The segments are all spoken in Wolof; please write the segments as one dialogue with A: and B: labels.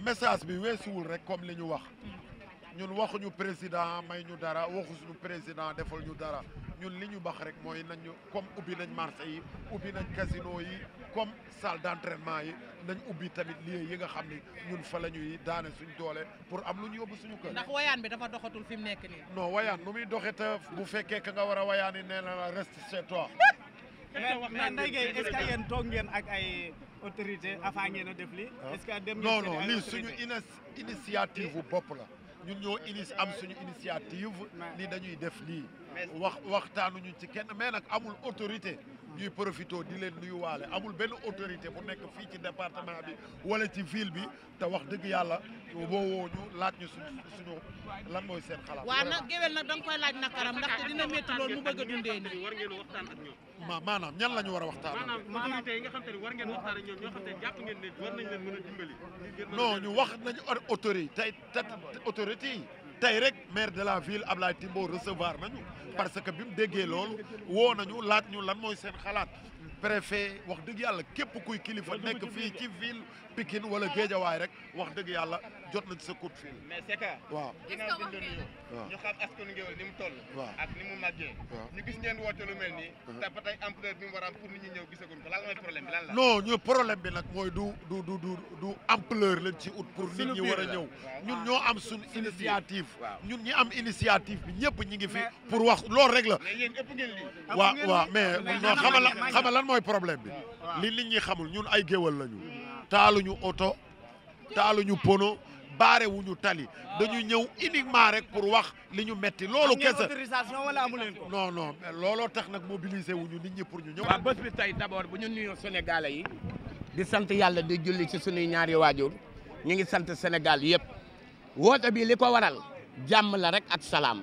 A: message bi weesuwul rek comme li ñu wax ñun waxuñu président may ñu dara waxuñu président deful ñu dara ñun li ñu bax rek mooy nañu comme ubbi nañ marché yi ubbi nañ casino yi comme salle d'entraînement yi nañ ubbi tamit lieu yi nga xam ni ñun fa la ñuy daane suñ doole pour am lu ñu suñu kër. ndax wayaan
B: bi dafa doxatul fi mu nekk nii.
A: non wayaan nu muy doxe te bu fekkee ka nga war a wayaan yi nee na la reste mais Ndeye Gueye est-ce que yéen toog ngeen ak ay autorité avant ngeen a def lii. Ah. est dem non non lii suñu initiative bu bopp la ñun ñoo initié am suñu initiative. ni dañuy def lii. wax waxtaanuñu ci kenn mais nag amul autorité. ñuy profito di leen waale amul benn autorité bu nekk fii ci département bi wala ci ville bi te wax dëgg yàlla boo woo ñu laaj ñu suñu suñu lan mooy seen xalaat. waaw nag
B: géwél nag da koy laaj nakaram ndaxte dina métti loolu mu bëgg a dundee nii. war ngeen waxtaan
A: ak ñoom. maanaam ñan la ñu war a waxtaan. maanaam autorité yi nga xam te ne war ngeen waxtaan ak ñoom ñoo xam te jàpp ngeen ne war nañ leen a dimbali. non ñu wax nañu autorité tey autorité yi. Direct, maire de la ville la Timbo recevoir parce que a mu déggee qu'on nous nañu préfet wax dëgg yàlla képp kuy kilifa nekk fii ci ville Pikine wala Géejawaay rek wax dëgg yàlla jot na ci sa coup de fil. mais c'est que. waaw ginnaaw bi ñu doon ñëw. waaw ñu xam askan Ngéwél ni mu problème bi nag mooy du du du du du ampleur la ci ut pour nit ñi war a ñëw. ñun ñoo am suñ initiative. ñun ñi am initiative bi ñëpp ñi ngi fi. pour wax lool rek la. mais mais non xamal xamal lan mooy problème bi ah. li nit ñi xamul ñun ay géwal lañu taaluñu oto taaluñu pono baare wu tali dañu ñëw uniquement rek pour wax li ñu metti loolu kese autorisation wala amu leen ko non looloo tax nag
B: mobiliser wuñu nit ñi pour ñu ñëw waaw bés bi tey d'abord bu ñu nuyoo Sénégalais yi di sant yàlla di julli ci sunuy ñaari waajur ñu ngi sant Sénégal yëpp woote bi li ko waral jàmm rek ak salaam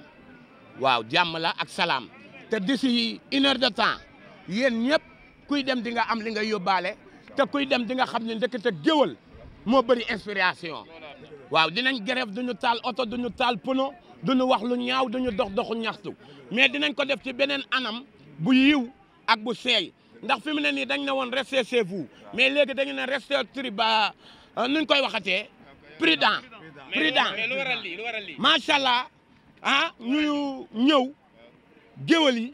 B: waaw jàmm ak salaam te d'ici une heure de temps kuy dem di nga am li nga yóbbaale te kuy dem di nga xam ne ndekete géwal moo bëri inspiration waaw dinañ grève duñu taal oto duñu taal pono duñu wax lu ñaaw duñu dox doxu ñaxtu mais dinañ ko def ci beneen anam bu yiw ak bu seey ndax fi mu ne nii dañ ne woon restez chez mais léegi dañu ne restez triba euh, nuñ koy waxatee prudent prudent macha allah ah ñu ñëw géwal yi